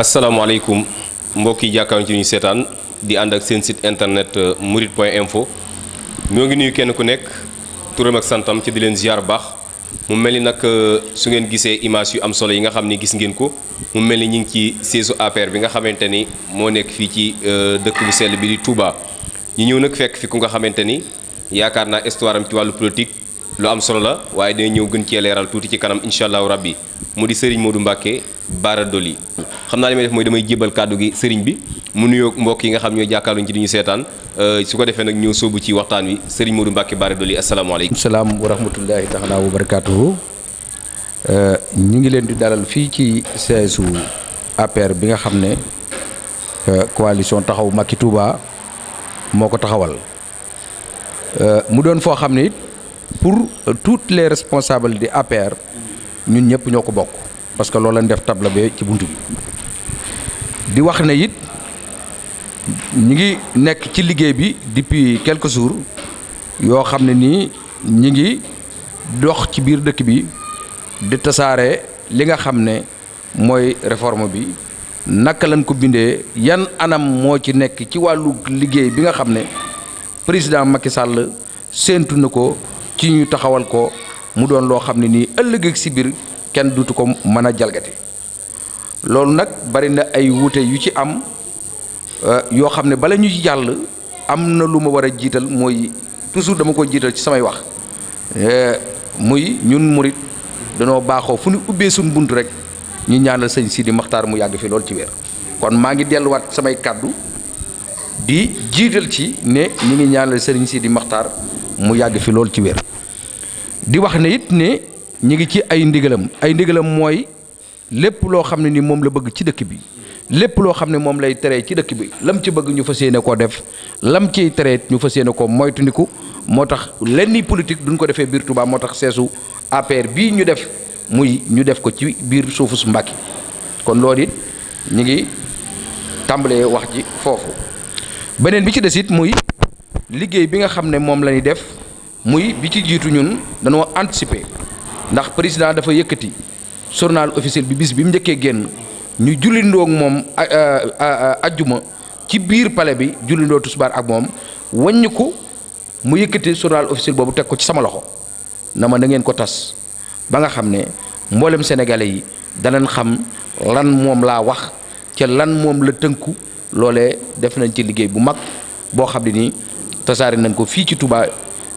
asalaamaaleykum mbokk yi jàkkaarloo ñu seetaan di ànd ak seen sit internet euh, murit point info moo ngi nuy kenn ku nekk turam ak santam ci di leen ziar baax mu mel ni nag euh, su ngeen gisee image yu am solo yi nga xam ni gis ngeen ko mu mel ni ñu ngi ci seesu APR bi nga xamante ni moo nekk fii ci euh, dëkk bu sell bi di Touba. ñu ñëw nag fekk fi ku nga xamante ni yaakaar naa histoire ci wàllu politique. lu am solo la waaye dina ñëw gën cee leeral tuuti ci kanam incha allahu rabbi mu di sëriñ Modou Mbacke Bara Dolly xam def mooy damay jébal kàddu gi sëriñ bi mu nuyoog mbokk yi nga xam ñooy jàkkaarluñ ci di ñu seetaan euh, su ko defee nag ñëw ci waxtaan wi Modou wa rahmatullahi taala wa barakaatuhu euh, ñu ngi leen di dalal fii ci seesu APR bi nga xam ne euh, coalition taxaw Macky Touba moo ko taxawal mu doon foo xam it pour euh, toutes les responsables de APR ñun ñëpp ñoo ko bokk parce que loolu lañ def table bi ci bi di wax ne it ñu ngi ci liggéey bi depuis quelques jours yoo xam ni nii ñi ngi dox ci biir dëkk bi di tasaare li nga xam réforme bi naka lañ ko yan anam moo ci nekk ci wàllu liggéey bi nga xam ne président Macky Sall ci ñu taxawal ko mu doon loo xam ne nii ëllëg ak si biir kenn dutu ko mën a jalgati loolu nag bari na ay wuute yu ci am euh, yoo xam ne bala ñu ci jàll am na lu ma war a jiital mooy toujours dama ko jiital ci samay wax euh, muy ñun murit danoo baaxoo fu ñu ubbee suñ bunt rek ñu ñaanal sëñ Sidi Maxtaar mu yàgg fi loolu ci weer kon maa ngi delluwaat samay kàddu di jiital ci ne ñu ngi ñaanal sëriñ Sidi Maxtaar mu yàgg fi loolu ci weer di wax na it ni ñu ngi ci ay ndigalam ay ndigalam mooy lépp loo xam ne ni moom la bëgg ci dëkk bi lépp loo xam ne moom lay teree ci dëkk bi lam ci bëgg ñu fas yéene koo def lam ciy teree ñu fas yéene koo moytundiku moo tax lenni politique duñ ko defee biir moo tax seesu APR bii ñu def muy ñu def ko ci biir suufu su Mbàkke kon loolu ñu ngi tàmbalee wax ji foofu beneen bi ci des it muy liggéey bi nga xam ne moom la def. muy bi ci jiitu ñun dañoo anticiper ndax président dafa yëkkati journal officiel bi bis bi mu njëkkee génn ñu jullindoo ak moom ajjuma ci biir pale bi jullindoo tusbaar ak moom wàññiku mu yëkkati journal officiel boobu teg ko ci sama loxo na ma na ngeen ko tas ba nga xam ne mboolem sénégalais yi danañ xam lan moom laa wax ca lan moom la tënku loole def nañ ci liggéey bu mag boo xam ne nii tasaari nañ ko fii ci tubaa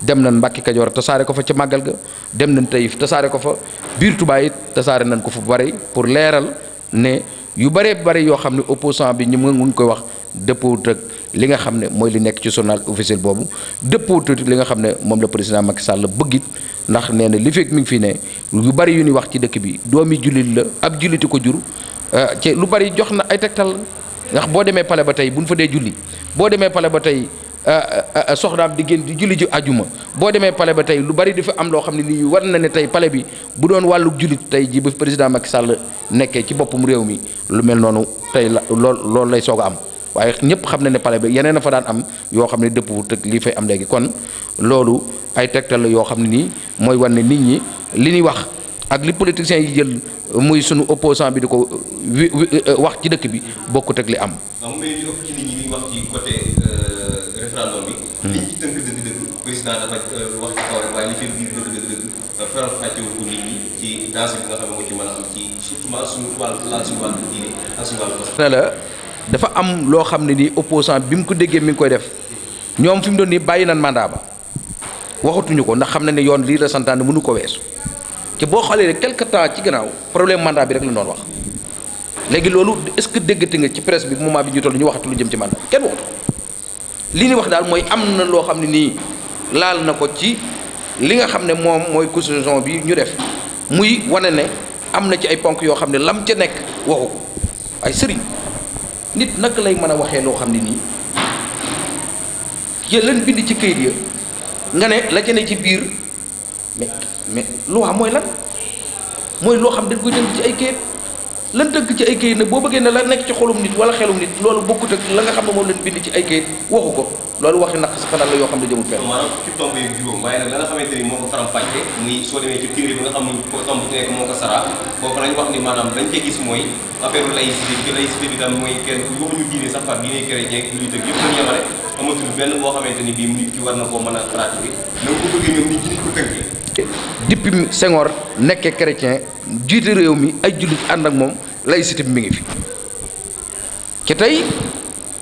dem nañ Mbàkke Kajoor tasaare ko fa ci màggal ga dem nañ Taïf tasaare ko fa biir tubaay it tasaare nañ ko fu bari pour leeral ne yu bëree bari yoo xam ne opposant bi ñu ngi koy wax dëppoowut ak li nga xam ne mooy li nekk ci journal officiel boobu dëppoowut ak li nga xam ne moom la président Macky Sall bëggit ndax nee na li fekk mu ngi fi ne yu bari yu ñuy wax ci dëkk bi doomi jullit la ab julliti ko jur ci euh, lu bari jox na ay tegtal ndax boo demee pale ba tey bu ñu fa dee julli boo demee pale ba tey Euh, euh, euh, soxnaam di génn di julli ji ajuma boo demee pale ba tey lu bari di fa am loo xam ne lii war na ne tey pale bi bu doon wàllu jullit tey ji ba président Macky Sall nekkee ci boppum réew mi lu mel noonu tey la lool loolu lay soog a am waaye ñëpp xam na ne pale bi yeneen a fa daan am yoo xam ne dëpp wu tëg lii fay am léegi kon loolu ay tegtal la yoo xam ne nii mooy wan ne nit ñi li ñuy wax ak li politiciens yi jël muy sunu opposant bi di ko wax ci dëkk bi bokkut ak li am. président dafa wax ci kaw rek waaye li ci biir dëgg-dëgg feral fàccewu ko nit ñi ci danse bi nga xam ne ci mën am ci surtout suñu wàllu laal suñu wàllu diine ak dafa am ni opposant ko mi ngi koy def ñoom fi doon nan mandat ba waxatuñu ko ndax xam ne yoon lii la santaane mënu ko weesu te boo xoolee rek quelque temps ci gannaaw problème mandat bi rek la doon wax léegi loolu est ce que déggati nga ci presse bi moment bi ñu ñu waxatu lu jëm ci mandat kenn waxatu li ni wax am na loo laal na ko ci li nga xam ne moom mooy constitution bi ñu def muy wane ne am na ci ay ponk yoo xam ne lam ca nekk waxu ko ay sëriñ nit naka lay mën a waxee loo xam ne nii yéen lan bind ci këyit ya nga ne la ca ne ci biir mais mais loi mooy lan mooy loo xam dañ koy tënk ci ay kayit. la dëkk ci ay kayit nag boo bëggee ne la nekk ci xolum nit wala xelum nit loolu bokkut ak la nga xam ne moom leen bind ci ay kayit waxu ko loolu waxi la yoo xam ne nag la nga xamante ni moo ko faram-fàcce muy soo demee xam ne tomb gis mooy affaire laïcité bi laïcité mooy sax par diine chrétien jullit ak yëpp lañ yemale amatul benn boo xamante ni bii nit ki war na koo mën a pratiquer nanga ko bëggee ñoom nit ñi nekkee chrétien jiite réew mi ay jullit ànd ak moom laïcité bi mi ngi fi ci tey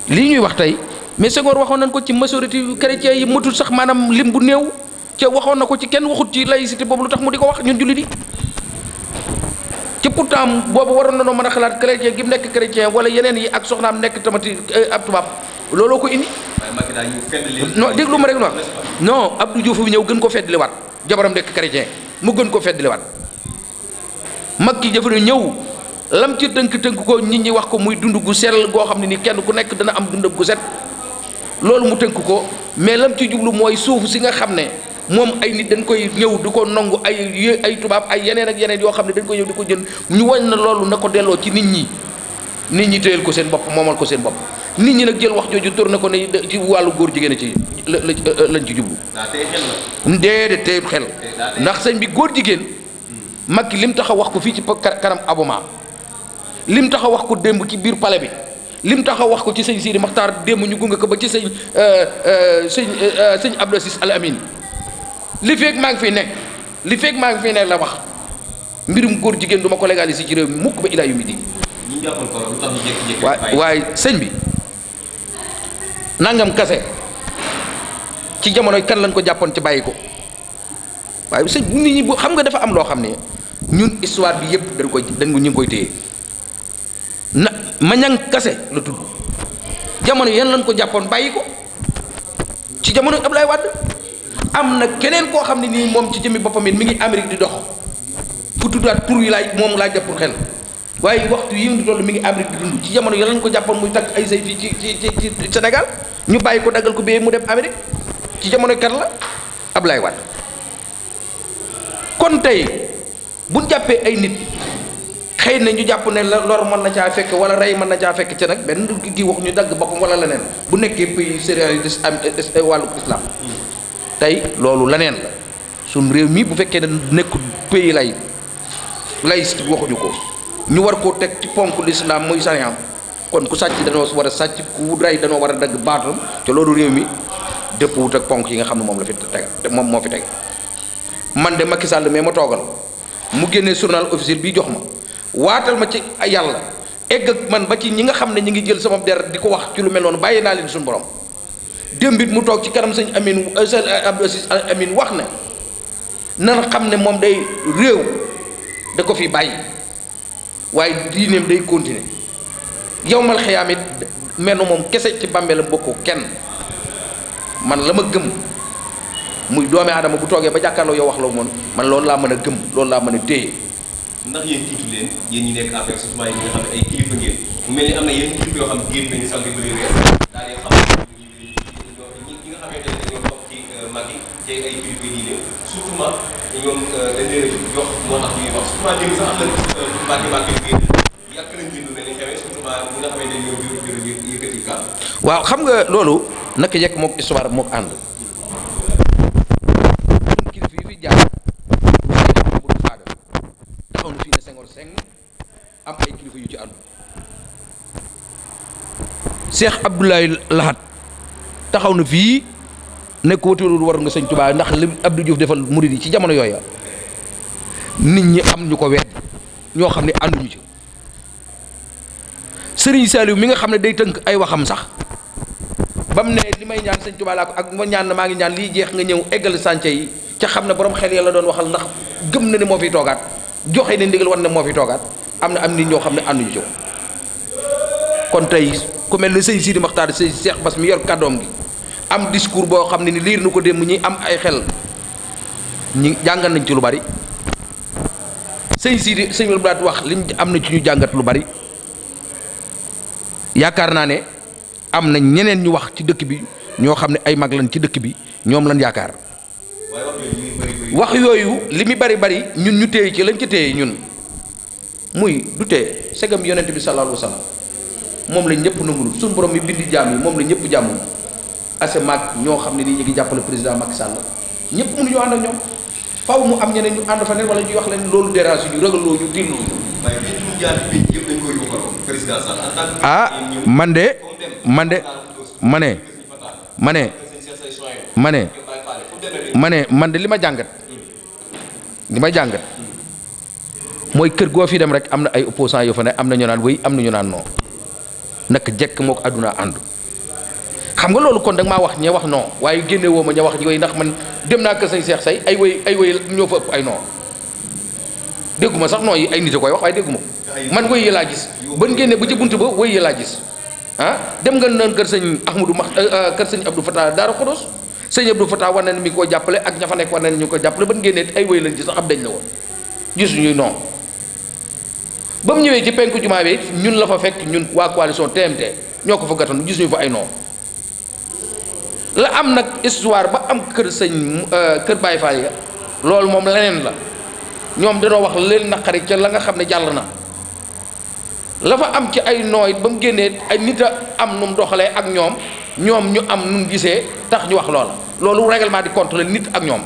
li ñuy wax tey mais Senghor waxoon nañ ko ci majorité chrétien yi matul sax maanaam lim bu néew ca waxoon na ko ci kenn waxut ci laïcité boobu lu tax mu di ko wax ñun jullit yi ci pourtant boobu waroon nañoo mën a xalaat chrétien gi nekk chrétien wala yeneen yi ak soxnaam nekk tamati eh, ab tubaab looloo ko indi. déglu ma rek non non Abdou Diouf bi ñëw gën ko feddliwaat jabaram nekk chrétien mu gën ko feddliwaat. mag ki jëfëru ñëw lam ci dënk dënk ko nit ñi wax ko muy dund gu sell goo xam ne ni kenn ku nekk dana am dundu gu set loolu mu tënk ko mais lam ci jublu mooy suuf si nga xam mom moom ay nit dañ koy ñëw di ko nangu ay ay tubaab ay yeneen ak yeneen yoo xam ne dañ koy ñëw di ko jënd ñu wañ na lolu na ko delloo ci nit ñi nit ñi téyel ko seen bopp momal ko seen bopp nit ñi nag jël wax jooju tourné ko ne ci wàllu góor jigéen ci lañ ci jublu déedéet tey xel ndax sëñ bi góor jigéen Maki lim tax a wax ko fii ci kanam Abouma lim tax a wax ko démb ci biir palais bi lim tax a wax ko ci sëñ Sidi Maxtaar démb ñu gunge ko ba ci sëñ euh, euh, sëñ euh, Al Amin li feeg maa ngi fiy nekk li feeg maa ngi fiy nekk la wax mbirum ko légaliser ci mukk ba di. ñu jàppal ko lu tax ñu bi nangam kase ci jamono kan lañ ko jàppoon ci bàyyi ko waaye nit ñi bu xam nga dafa am loo ñun histoire bi yëpp dañ koy dañ ñu koy téye na Mañang Kase la tudd jamono yan lañ ko jàppoon bàyyi ko ci jamono lay Wade am na keneen koo xam ne nii moom ci jëmmi boppam it mi ngi Amérique di dox ku tuddaat tur yi laay moom laa jàpp pour xel waaye waxtu yi mu toll mi ngi Amérique di dund ci jamono yan lañ ko jàppoon muy takk ay say fii ci ci ci Sénégal ñu bàyyi ko daggal ko bee mu dem Amérique ci jamono kan la Abdoulaye Wade kon tey. buñ jàppee ay nit xëy na ñu jàpp ne la lor mën na caa fekk wala rey mën na caa fekk ca nag benn du gi wax ñu dagg boppam wala leneen bu nekkee pays sérieux des am euh, wàllu islam tey loolu leneen la suñ réew mi bu fekkee ne nekkul pays lay laïcité waxuñu ko ñu war koo teg ci ponk l'islam muy sariyaam kon ku sàcc danoo war a sàcc ku rey danoo war a dagg baatam ci loolu réew mi dëpp wut ak ponk yi nga xam ne moom la fi teg moom moo fi teg man de Macky Sall mais ma toogal. mu génnee journal officiel bi jox ma waatal ma ci yàlla egg ak man ba ci ñi nga xam ne ñi ngi jël sama der di ko wax ci lu mel noonu bàyyi leen suñu borom mu ci amin euh, euh, abdou aziz amin wax day réew da ko fi bàyyi waaye diineem day continuer yowmal xiyaam it mel moom kese ci bàmmeelam bokkoo man la gëm muy doomi aadama bu toogee ba jàkkaarloo yow wax la moom man loolu laa mën a gëm loolu laa mën a téye. ndax yéen tiitu leen yéen ñi nekk affaire surtout yi nga xam na yenn kilifa yoo xam yëkkati kàddu waaw xam nga loolu naka yekk mook histoire mook ànd jaar waaye def Modou Fadal taxaw na fii ne Senghor seng taxaw na fii ne ko watiwul nga sëñ Tuubaa ndax li Abdou defal murid yi ci jamono yooya nit ñi am ñu ko wedd ñoo xam ne ànduñu ci Sëriñ Saliou mi nga xam ne day tënk ay waxam sax ba ne li may ñaan sëñ Tuubaa ak ma ñaan na maa ngi ñaan liy jeex nga ñëw eggal sànce yi ca xam ne borom xel ya la doon waxal ndax gëm na ne moo fi toogaat joxe ne ndigal wan ne moo fi toogaat am na am ni ñoo xam ne ànduñu ci kon tey ku mel ne sëñ Sidi Maxtaar sëñ Cheikh yor gi am discours boo xam ni liir nu am ay xel ñi jàngal nañ ci lu bari sëñ Sidi sëñ Abdoulaye wax liñ am na ci ñu jàngat lu bari yaakaar na ne am na ñeneen ñu wax ci dëkk bi ñoo xam ne ay mag lañ ci dëkk bi lañ wax yooyu li mu bari bari ñun ñu téye ci lañ ci téye ñun muy dute tee segam yonent bi sallallahu moom lañ ñëpp nangul suñu borom mi bindi jaam yi moom la ñëpp jàmmul ase maag ñoo xam ne nii ñu ngi président Macky Sall ñëpp mënuñu ànd ak faw mu am ñu ànd fa ne wala ñuy wax leen loolu dérange ñu ragaloo ñu tiirloo ah man de man de mane mane ma ne ma ne man de li ma jàngat li ma jàngat mooy kër goo fi dem rek am na ay opposants yoo fa ne am na ñu naan wéy am na ñu naan non naka jekk moo ko àdduna ànd xam nga loolu kon da maa wax ña wax non waaye génne woo ma ña wax yooyu ndax man dem naa kër sañ seex say ay wéy ay wéy ñoo fa ëpp ay non dégguma sax non ay nit a koy wax waaye dégguma man wéy yi laa gis ban génne ba ci bunt ba wéy yi laa gis ah dem nga naan kër sëñ Ahmadou Max euh, euh, kër sëñ Abdou Fatah sëñ Abdou Fatah war na ne mi ngi ko jàppale ak ña fa nekk war na ne ko jàppale ba génnee ay wéy lañ ci sax ab dañ la woon gisuñuy noonu ba mu ñëwee ci penku jumaa bi ñun la fa fekk ñun waa coalition TMT ñoo ko fa gis gisuñu fa ay noonu la am nag histoire ba am kër sëñ euh, kër Baye Fall ya loolu moom leneen la ñoom danoo wax leen naqari ca la nga xam ne jàll na la fa am ci ay nooy ba mu génnee ay nit a am nu mu doxalee ak ñoom ñoom ñu am nu mu gisee tax ñu wax loola loolu règlement di compte nit ak ñoom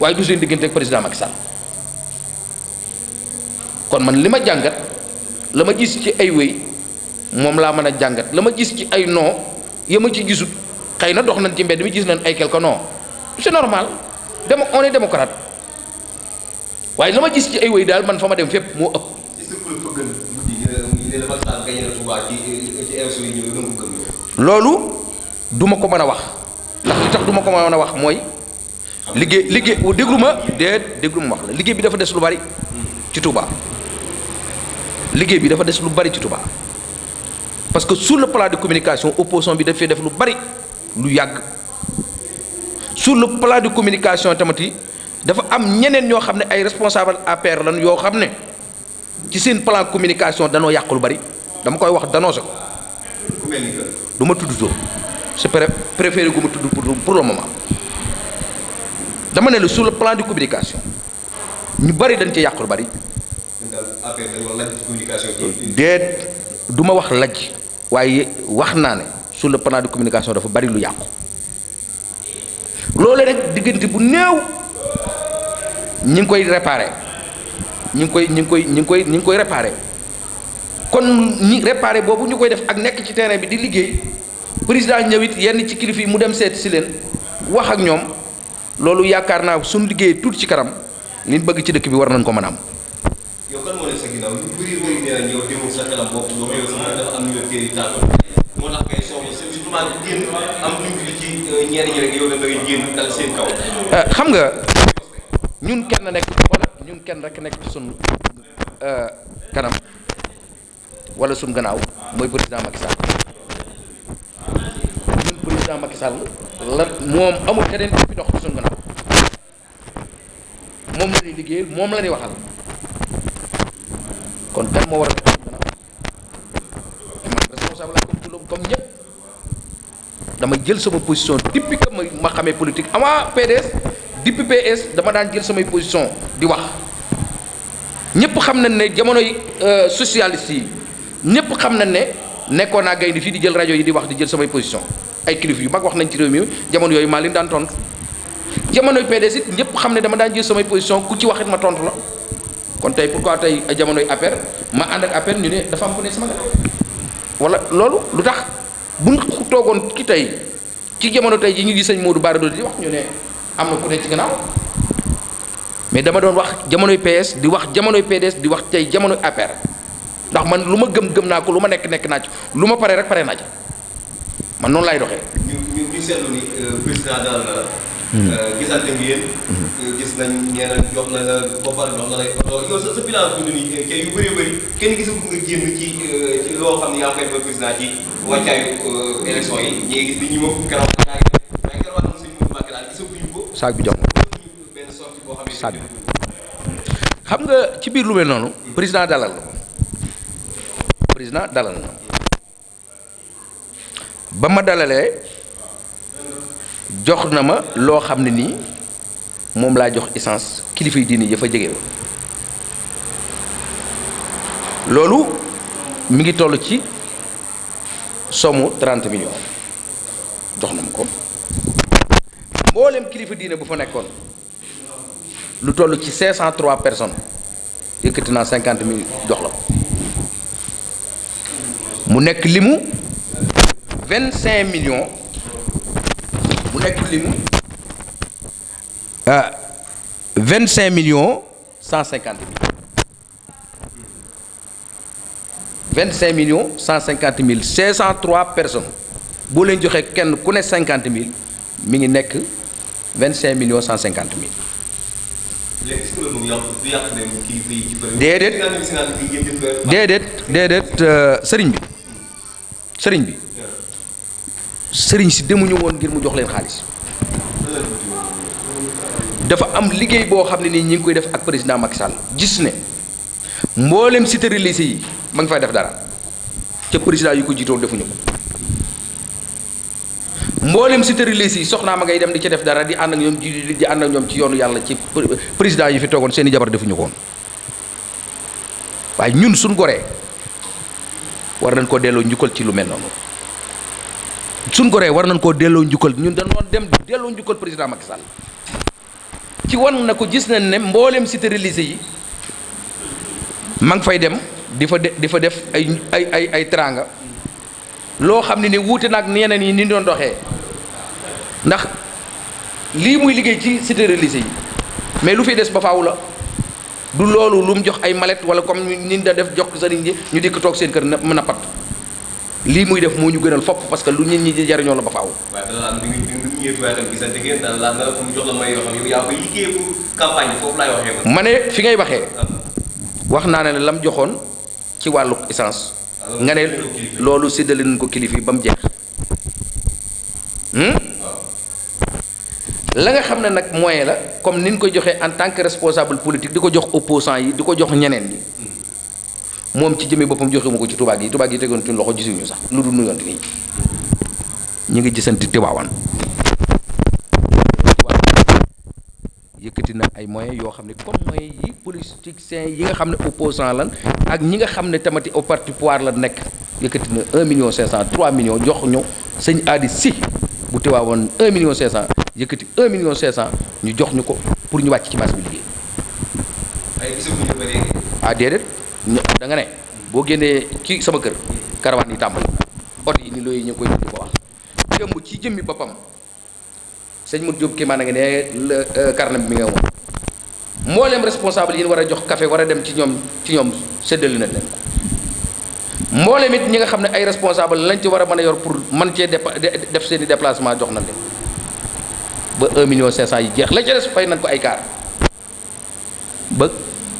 waaye du seen diggante ak président Macky Sall kon man li ma jàngat la ma gis ci ay wéy moom laa mën a jàngat la ma gis ci ay non ya ma ci gisut xëy na dox nañ ci mbedd mi gis nañ ay quelque non c'est normal dama on est waaye la ma gis ci ay wéy daal man fa ma dem fépp moo ëpp. lolu Macky ko meuna wax ndax li tax du ko meuna wax moy liggéey liggéey wo ma déet déglu wax la liggéey bi dafa dess lu bari hmm. ci Touba liggéey bi dafa dess lu bari ci Touba parce que sur le plan de communication opposition bi dafay def lu bari lu yag sur le plan de communication tamati dafa am ñeneen ñoo xamne ay responsable APR lan yo xamne ci seen plan communication danoo yàqu lu bari dama koy wax danoo se ko du ma tudd tur c'est préféré gu ma tudd pour pour le moment dama ne la sur le plan de communication ñu bari dañ ci yàq lu bari déet du ma wax lajj waaye wax naa ne sur le plan de communication dafa bari lu yàqu loolu rek diggante bu néew ñi ngi koy réparer ñu ngi koy ñu ngi koy ñu ngi koy ñu ngi koy réparé kon ñi réparé boobu ñu koy def ak nekk ci terrain bi di liggéey président ñëwit yenn ci kilifa yi mu dem seet si leen wax ak ñoom loolu yaakaar naa suñu liggéey tuuti ci kanam li bëgg ci dëkk bi war nañ ko mën a am. xam nga ñun kenn nekk. ñun kenn nekk ci sunu euh, kanam wala sunu moom amul liggéey ku fi dox ci sunu moom la waxal kon kan moo war a dox sunu gannaaw man responsable la comme tout le jël sama position depuis que ma xamee politique avant PDS. depuis PS dama daan jël samay position di wax ñëpp xam nañ ne jamonoy euh, socialiste yi ñëpp xam nañ ne nekkoon naa gaynde fii di jël rajo yi di wax di jël samay position ay kilifa yu mag wax nañ ci réew mi jamono yooyu maa leen daan tontu jamonoy ñëpp xam ne dama daan jël samay position ku ci waxit ma tontu la kon tey pourquoi tey jamonoy APR ma ànd ak APR ñu ne dafa am ku ne sama wala loolu lu tax bu toogoon ki tey ci jamono tey ji ñu gis sëñ Modou Bara Dolly di wax ñu ne. am na ku ne ci gannaaw mais dama doon wax jamonoy PS di wax jamonoy PDS di wax tey jamonoy APR ndax man lu ma gëm gëm naa ko lu ma nek nekk ci lu ma rek pare naa ci man noonu laay doxee. ñu ñu ñu seetlu ni euh, président daal la. Euh, hmm. euh, gisante bi yéen. Hmm. gis nañ ñeneen jox na la ba pare jox na la oto yow sa sa bilan dund nii tey yu bëri bëri kenn nga ci ci ba président ci élection yi gis ñi saag bi jox ma saag bi xam nga ci biir lu mel noonu président dalal la président dalal na ba ma dalalee jox na ma loo xam ne nii moom laa jox essence kilifa yi diine dafa jege loolu mi ngi toll ci somme 30 million jox na ma ko Nous kilifa diine bu fa nekkon lu tollu ci 503 personnes yëkkati naa 50 000 dollars. la mu nekk limu 25 millions mu nekk limu 25 euh, millions 150 000 25 millions 150 000, 503 personnes bo len joxe kenn ku ne 50 000 mi ngi nekk. 25 millions 150 000 déedéet déedéet déedéet sëriñ bi sëriñ bi ya. sëriñ si demuñu woon ngir mu jox leen xaalis dafa am liggéey boo xam ne nii koy def ak Macky Sall gis ne ma ngi fay def dara yu ko mboolem cité religieuse sok nama ma ngay dem di ci def dara di ànd ak ñoom ji di ànd ak ñoom ci yoonu yàlla ci président yi fi jabar defuñu ko woon waaye ñun suñ goree war nañ ko delloo njukkal ci lu mel noonu suñ goree war nañ koo delloo njukkal ñun dañoo dem di delloo président Macky Sall ci gis nañ ne yi fay dem di fa def ay ay ay loo xam ne ni wuute nag yeneen yi ni doon doxee ndax lii muy liggéey ci cité religieux yi mais lu fi des ba faaw la du lu mu jox ay wala comme ni da def jox sëriñ ji ñu dikk toog seen kër na pat lii muy def moo ñu gënal fopp parce que lu nit ñi di jariñoo la ba faaw. fi ngay ah. wax lam joxoon ci wàllu essence nga ne loolu séddale nañ ko kilifa yi ba mu jeex hmm? la nga xam ne nag moyen la comme ni ñu koy joxee en tant que responsable politique di ko jox opposant yi di ko jox ñeneen ñi moom ci jëmee boppam joxe ma ko ci tubaab yi tubaab yi tegoon ci loxo gisuñu sax lu dul nuyonte nii ñu ngi gisanti Tiwaawan yëkkati na ay moyens yoo xam ne comme moyens yi politiciens yi nga xam ne opposant lan ak ñi nga xam ne tamati au parti pouvoir la nekk yëkkati na 1 million 500 3 millions jox ñu sëñ aadi si bu teewaawoon 1 million 500 yëkkati 1 million 500 ñu jox ñu ko pour ñu wàcc ci marché bi liggéey. ay gisaguñu ba léegi. ah déedéet ñu da nga ne boo génnee ci sama kër. karawaan yi tàmbali oto yi ni looyu ñu ngi koy dund ba wax. démb ci jëmmi boppam. sëñ Modou Diop kii maa ngi ne euh, carnet bi mi nga moom mboolem responsable yi wara jox café war dem ci ñoom ci ñoom séddale na leen ko mboolem it ñi nga xam ne ay responsable lañ ci war a yor pour mën cee def seen i déplacement jox na leen ba 1 million 500 yi jeex la ca des fay nañ ko ay kaar ba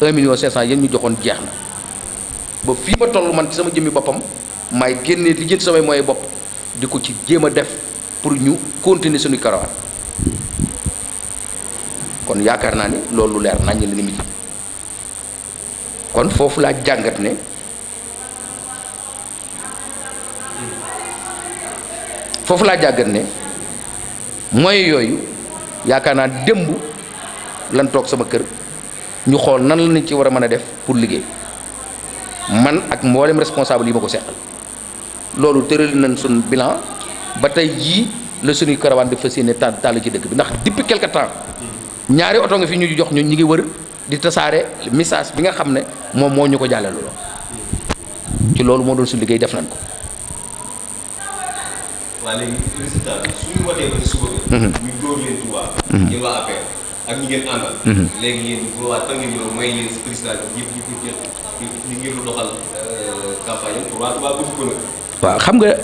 1 million 500 yéen ñu joxoon jeex na ba fii ma toll man ci sama jëmmi boppam maay génne li jënd samay mooy bopp di ci jéem def pour ñu continuer suñu karawaan. kon yaakaar naa ni loolu leer nañ la limite kon foofu laa jàngat ne foofu laa jàggat ne mooy yooyu yaakaar naa démb lan toog sama kër ñu xool nan la ñu ci war a mën a def pour liggéey man ak mboolem responsable yi ma ko seqal loolu tëral nañ suñ bilan ba tey jii la suñuy caravane di fas yéene taal ci dëkk bi ndax depuis quelque temps ñaari orang nga fi ñu jox ñun ñi ngi wër di tasaare message bi nga xam ne moom moo ñu ko jàllaloo ci loolu moo doon su liggéey def nañ ko. waa léegi résultat bi su ñu suba mhm. ñu dóor leen Touba. Mhm. yéen waa APR ak ñi ngeen àndal. Mhm. léegi yéen bu waa fan ngeen may leen président lu doxal euh, campagne pour ko xam nga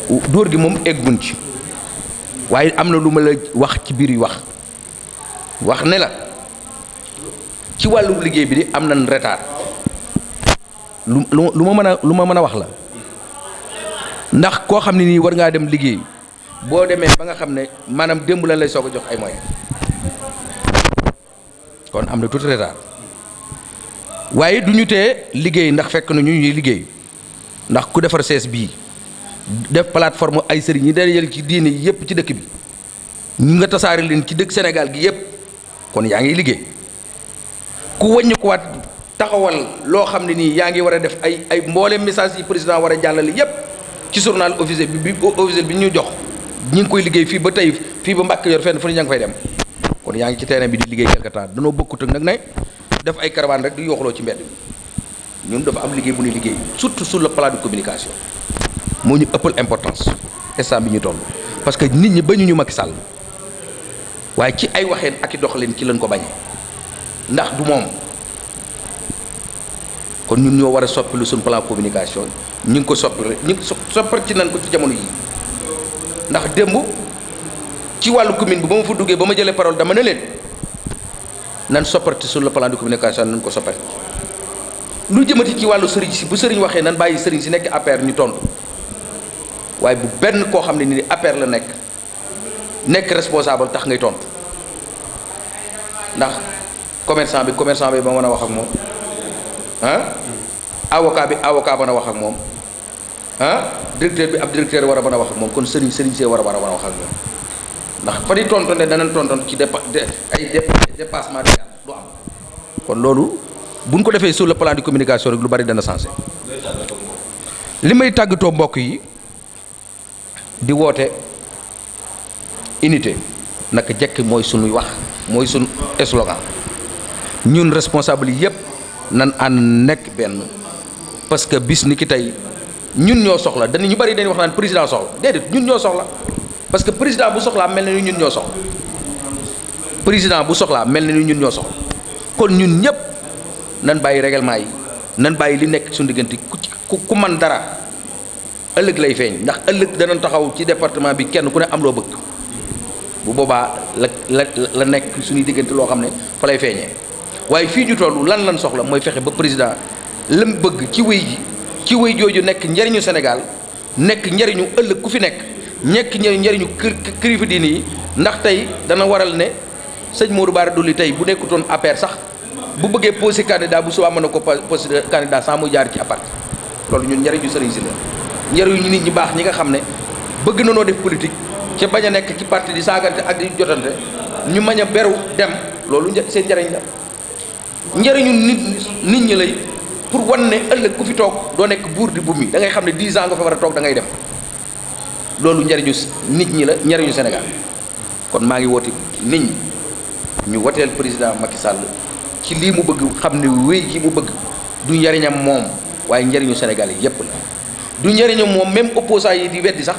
gi ci la wax ci biir wax wax ne la ci wàllum liggéey bi di am nañ retard lu lu ma mën lu ma mën a wax la ndax koo xam ne nii war ngaa dem liggéey boo demee ba nga xam ne maanaam lan lay jox ay kon am na tuuti retard waaye du ñu tee liggéey ndax fekk na ñu ñuy liggéey ndax ku def plateforme ay sëriñ ñi dajal ci diine yépp ci dëkk bi ñu nga tasaare leen ci dëkk Sénégal gi yépp kon yaa ngi liggéey ku wëññikuwaat taxawal loo xam ne nii yaa ngi war a def ay ay mboolem message yi président war a jàllale yépp ci journal officiel bi bi officiel bi ñu jox ñi ngi koy liggéey fii ba tey fii ba mbàkk yor fenn fu ne ña ngi fay dem kon yaa ci terrain bi di liggéey quelque temps danoo bokkut ak nag def ay caravane rek di yooxaloo ci mbedd bi ñun dafa am liggéey bu ñuy liggéey surtout sur le plan de communication moo ñu ëppal importance instant bi ñu toll parce que nit ñi bañu ñu Macky Sall waaye ci ay waxeen ak i doxaleen ci lañ ko bañ ndax du moom kon ñun ñoo war a soppilu suñ plan communication ñu ngi ko soppil ñu soppal ci nan ko ci jamono yi ndax démb ci wàllu commune bi parole dama ne nan sopparti sur le plan de communication nan ko soppati lu jëmati ci wàllu sëriñ si bu sëriñ waxee nan bàyyi sëriñ si APR ñu tontu bu benn ko xam ni APR la Nek responsable tax ngay tontu ndax commerçant bi commerçant bi ba mën wax ak moom ah avocat bi avocat mën a wax ak moom ah directeur bi ab directeur war a wax ak moom kon sëriñ sëriñ see wara a war a mën a wax ak moom ndax fa di tontu ne danañ tontu ci ay dépassement du am kon loolu buñ ko defee sur le plan de communication rek lu bari dana sensé li may tàggatoo mbokk yi di woote unité naka nak mooy sunuy wax mooy sunu slogan ñun responsable yépp nan an nekk benn parce que bis ni ki tey ñun ñoo soxla dañu ñu bari presiden wax naan président soxla déedéet ñun ke soxla parce que président bu soxlaa presiden na ni ñun ñoo soxla président bu ñun soxla kon ñun ñëpp nan bayi règlement yi nan bayi li nekk suñu diggante ku ci ku man dara ëllëg lay feeñ ndax nah, ëllëg bikin taxaw ci département bi kenn ku ne am bëgg bu boobaa la la la nekk suñuy diggante loo xam ne fa lay feeñee waaye fii ju toll lan lan soxla mooy fexe ba président lam bëgg ci wéy ji ci wéy jooju nekk njariñu Sénégal nekk njariñu ëllëg ku fi nekk nekk njariñu kër kilifa diine yi ndax tey dana waral ne sëñ Modou Bara Dolly tey bu nekkutoon APR sax bu bëggee posé candidat bu subaa mën na ko posé candidat sans mu jaar ci apart loolu ñun njariñu sëriñ si la njariñu nit ñi baax ñi nga xam bëgg na noo def politique ci bañ a ci parti di saagante ak di jotante ñu mañ beru dem loolu seen njëriñ la njëriñu nit nit ñi lay pour wan ne ëllëg ku fi toog doo di bumi da ngay xam ne 10 ans nga fa war a da ngay dem loolu njëriñu nit ñi la njëriñu Sénégal kon maa ngi woote nit ñi ñu woteel président Macky Sall ci lii mu bëgg xam ne wéy gi mu bëgg du njëriñam moom waaye njëriñu Sénégal yépp la du njëriñam moom même opposant yi di weddi sax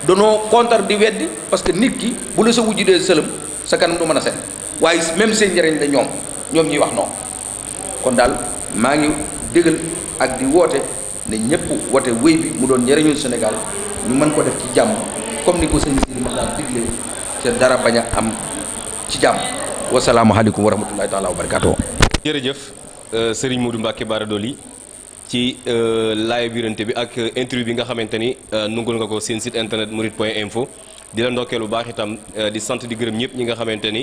Dono contre di weddi parce que nit ki bu la sa wujju dee sëlëm sa kanam du mën a set waaye même seen njëriñ la ñoom ñoom ñuy wax noonu kon daal maa ngi dëggal ak di woote ne ñëpp wote wéy bi mu doon njëriñul Sénégal ñu mën ko def ci jàmm comme ni ko sëñ Sidi Maxtaar digle ca dara bañ am ci jàmm wasalaamualeykum wa rahmatullahi taala wa barakatuh jërëjëf euh, Serigne Modou Mbacke Bara Dolly ci euh, laay birante bi ak euh, interview bi nga xamante ni euh, nungul nga ko seen site internet murit point info di la ndokkeel lu baax itam di sant di gërëm ñëpp ñi nga xamante ni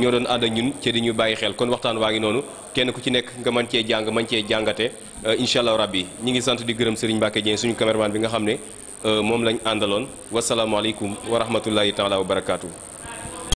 ñoo doon ànd ñun ci di ñu bàyyi xel kon waxtaan waa ngi noonu kenn ku ci nekk nga mën cee jàng mën cee jàngate incha allah rabbi ñi ngi sant di gërëm Serigne Mbacke Dieng suñu caméraman bi nga xam ne moom lañ àndaloon wasalaamualeykum wa rahmatullahi taala wa barakaatu.